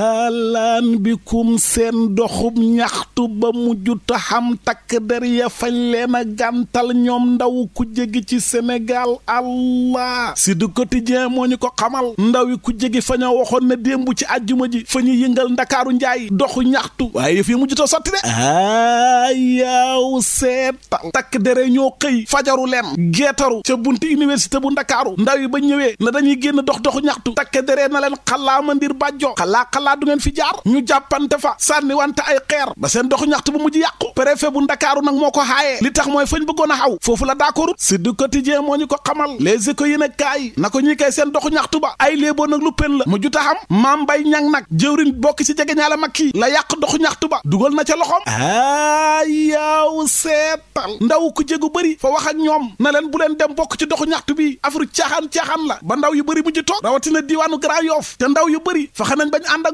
haalaan bikum seen doxub ñaxtu ba mujj taxam takk der ya fañ leen a gàntal ñoom ndaw ku jégi ci Sénégal allah si du quotidien moo ñu ko xamal ndaw yi ku jégi fa ñoo waxoon ne démb ci àjjuma ji fa ñu yëngal ndakaaru njaay doxu ñaxtu waaye yëf yi mujj ta sotti de ayaw seetal takk dere ñoo xëy fajaru leen geetaru ca bunti université bu ndakaaru ndaw yi ba ñëwee na dañuy génn dox doxu ñaxtu takk dere na leen xalaamandir bàjjo xalaa xalaa xalaat du ngeen fi jaar ñu jàppante fa sànni wante ay xeer ba seen doxu ñaxtu bu mujj yàqu préfet feebu ndakaaru nag moo ko xaayee li tax mooy fañ bëggoon a foofu la d'accordut si du quotidien moo ñu ko xamal les échos yi nag kaay na ko ñi kay seen doxu ñaxtu ba ay léeboo nag lu pen la mu juta xam maam bay ñang nag jëwrin bokk ci jege ñaala mag kii la yàq doxu ñaxtu ba dugal na ca loxoom a yaaw seetal ndaw ku jégu bëri fa wax ñoom na leen bu leen dem bokk ci doxu ñaxtu bi afru caaxaan caaxaan la ba ndaw yu bëri mujj toog rawatina diiwaanu Grand Yoff te ndaw yu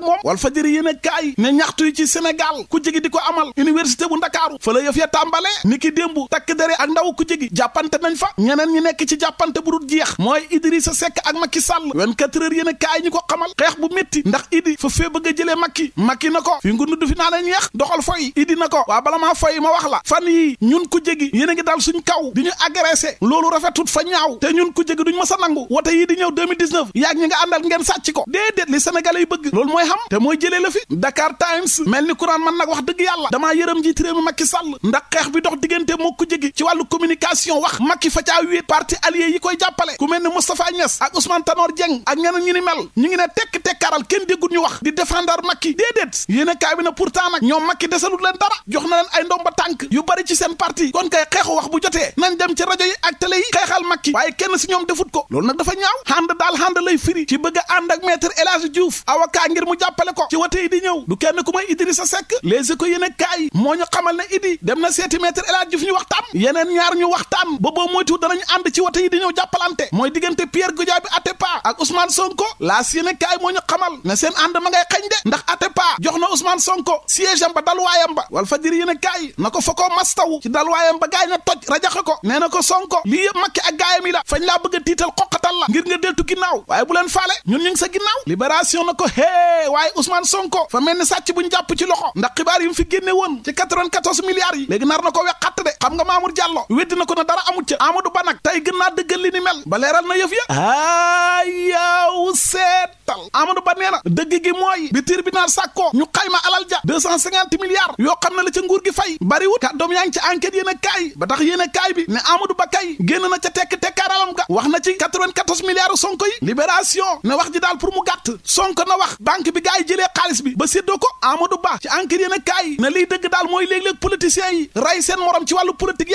moom wal fajëri yéen a kaay ne ñaxtu yi ci Sénégal ku jegi di ko amal université bu Ndakaaru fa la yëf ya tàmbale ni ki démb takk dere ak ndaw ku jegi jàppante nañ fa ñeneen ñi nekk ci jàppante bu dul jeex mooy Idrissa Seck ak Macky Sall 24 heures yéen a kaay ñi ko xamal xeex bu metti ndax Idi fa fee bëgg a jëlee Macky Macky na ko fi ngund fi naa leen yeex doxal foy Idi na ko waa bala maa foy ma wax la fan yi ñun ku jegi yéen ngi daal ñu agressé loolu rafetut fa ñaaw te ñun ku jegi duñ ma sa nangu wote yi di ñëw 2019 yaag ñi bëgg loolu mooy am te mooy jëlee la fi Dakar Times mel ni kuraan man nag wax dëgg yàlla damaa yërëm njiit réew mi Macky Sall ndax xeex bi dox diggante moo ko jege ci wàllu communication wax Macky fa caa wéet parti allié yi koy jàppale ku mel ni Moustapha Niass ak Ousmane Tanor Dieng ak ñeneen ñi ni mel ñu ngi ne tekk tekkaaral kenn déggul ñu wax di défendre Macky déedéet yéen a kaay bi na pourtant nag ñoom Macky desalut leen dara jox na leen ay ndomba tànk yu bari ci seen parti wax bu jotee nañ dem ci rajo yi ak télé yi kenn si ñoom defut ko loolu nag dafa ñaaw ànd appale ko ci wote yi di ñëw du kenn ku may Idrissa Seck les éco yéen a kaay moo ñu xamal ne Idi dem na seeti maître El Hadji Diouf ñu waxtaan yeneen ñaar ñu waxtaan ba boo moytu danañ ànd ci wote yi di ñëw jàppalante mooy diggante Pierre Goudiaby Atepa ak Ousmane Sonko laas yéene kaay moo ñu xamal ne seen ànd ma ngay xañ de ndax Atepa jox na Ousmane Sonko siège am ba dalwaayam ba wal fajiri yéene kaay na ko fa koo mastawu ci dalwaayam ba gaañ na toj rajaxe ko nee na ko Sonko lii yëpp makki gaayam yi la fañ laa bëgg a tiital xoqatal la ngir nga deltu ginnaaw waaye bu leen faale ñun ñu ngi sa ginnaaw na ko hee waaye Ousmane Sonko fa mel ni yi mu fi Mamour Diallo weddi na ko na dara amut ca Amadou Ba nag tey gën naa dëggal li mel ba leeral na yëf ya aa yaw seetal Amadou Ba nee dëgg gi mooy bi tribunal sàkkoo ñu xayma alal ja deux cent cinquante milliards yoo xam ne la nguur gi fay bariwut kàddoom yaa ngi ci enquête yéen a kaay ba tax yéen a kaay bi ne Amadou Ba kay génn na ca tekk tekkaaralam ga wax na ci quatre-vingt-quatorze milliards sonko yi libération ne wax ji daal pour mu gàtt sonko na wax banque bi gaa yi xaalis bi ba séddoo ko Amadou Ba ci enquête yéen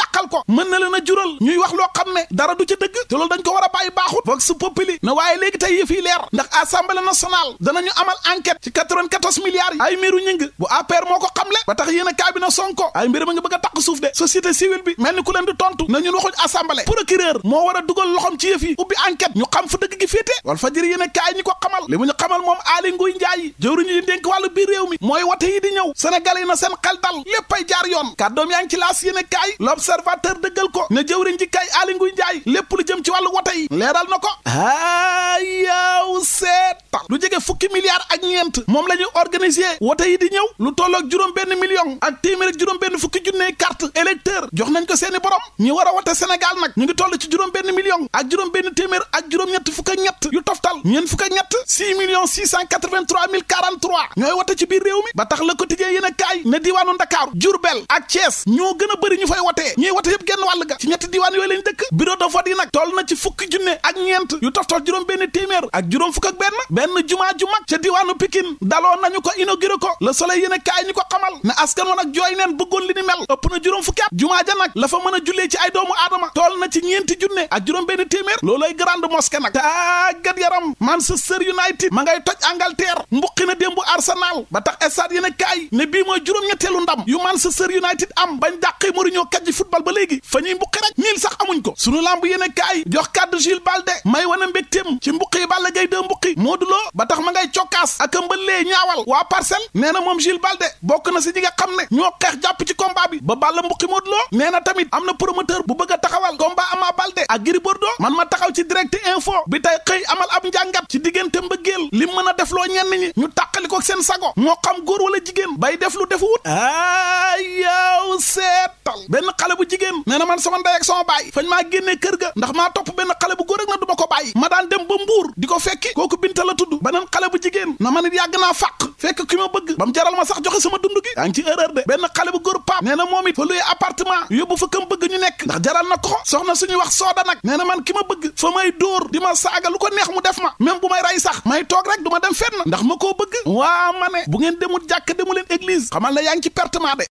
yàqal ko mën na leen a jural ñuy wax loo xam ne dara du ca dëgg te loolu dañ ko war a bàyyi baaxut vox populi na waaye léegi tey yëf leer ndax assemblée nationale danañu amal enquête ci 94 milliards yi ay mbiru bu APR moo ko xamle ba tax yéen a kaa bi na sonko ay mbir ma nga bëgg a taq suuf de société civile bi mel ni ku leen di tontu na ñun waxuñ assemblée procureur moo war a dugal loxom ci yëf ubbi enquête ñu xam fa dëgg gi féete wal fajiri mooy wote yi di ñëw sénégalais yi na seen xel dal léppay jaar l'observateur dëggal ko ne jëwriñ ji kay Aly Ngouille Ndiaye lépp lu jëm ci wàllu leeral na ko aa lu jege fukki milliards ak ñeent moom la ñuy organiser wote yi di ñëw lu tolloog juróom benn million ak téeméer ak juróom benn fukki junne carte électeur jox nañ ko seeni borom ñi war a wote Sénégal nag ñu ngi toll ci juróom benn million ak juróom benn téeméer ak juróom ñett fukk ak ñett yu toftal ñeent fukk ñett six millions six cent quatre-vingt-trois mille quarante ñooy wote ci biir réew mi ba tax a kaay ne diiwaanu Ndakaaru Diourbel ak Thiès ñoo gën a bëri ñu fay wote ñuy wote yëpp genn wàll ga ci ñetti diiwaan yooyu lañ dëkk bureau de vote yi nag toll na ci fukki ñeent yu toftal juróom benn téeméer ak juróom fukk ak benn wàllu jumaa ju mag ca diwaanu Pikine daloo nañu ko inauguré ko Le Soleil yéen a kaay ñu ko xamal ne askan wa nag jooy bëggoon li ni mel ëpp na juróom fukki at jumaa ja nag la fa mën a jullee ci ay doomu aadama tool na ci ñeenti junne ak juróom benn téeméer loolooy grande mosquée nag tàggat yaram Manchester United ma ngay toj Angleterre mbuqi na démbu Arsenal ba tax stade yéen a kaay ne bii mooy juróom-ñetteelu ndam yu Manchester United am bañ dàqee Mourinho kajji football ba léegi fa ñuy mbuqi rek niil a kaay jox kaddu Jules Balde may wane mbégteem yi Balla ba tax ma ngay cokkaas ak mbalee ñaawal waa parcelle nee na moom Jules Balde bokk na si ñi nga xam ne ñoo xeex jàpp ci combat bi ba Balla mbuqi Modou Lo nee na tamit am na promoteur bu bëgg a taxawal combat Ama Balde ak Gris Bordeaux man ma taxaw ci direct info bi tey xëy amal ab njàngat ci diggante mbëggeel li mën a defloo ñenn ñi ñu tàqali ko seen sago moo xam góor wala jigéen bay def lu defu wut a yow seetal benn xale bu jigéen nee na man sama ndey ak sama baay fañ maa génnee kër ga ndax benn xale bu ko bàyyi ma daan dem ba mbuur di ko fekki la tudd tudd xale bu jigéen na man it yàgg naa fàq fekk ki ma bëgg ba mu jaral ma sax joxe sama dund gi yaa ngi de benn xale bu góor paap nee moom it fa luy appartement yóbbu fa kam bëgg ñu nekk ndax jaral na ko soxna suñuy wax sooda nag nee na man ki ma bëgg fa may dóor di ma saaga lu ko neex mu def ma même bu may rey sax may toog rek du ma dem fenn ndax ma ko bëgg waa ma ne bu ngeen mu jàkk demu leen église xamal na yaa ngi ci pertement de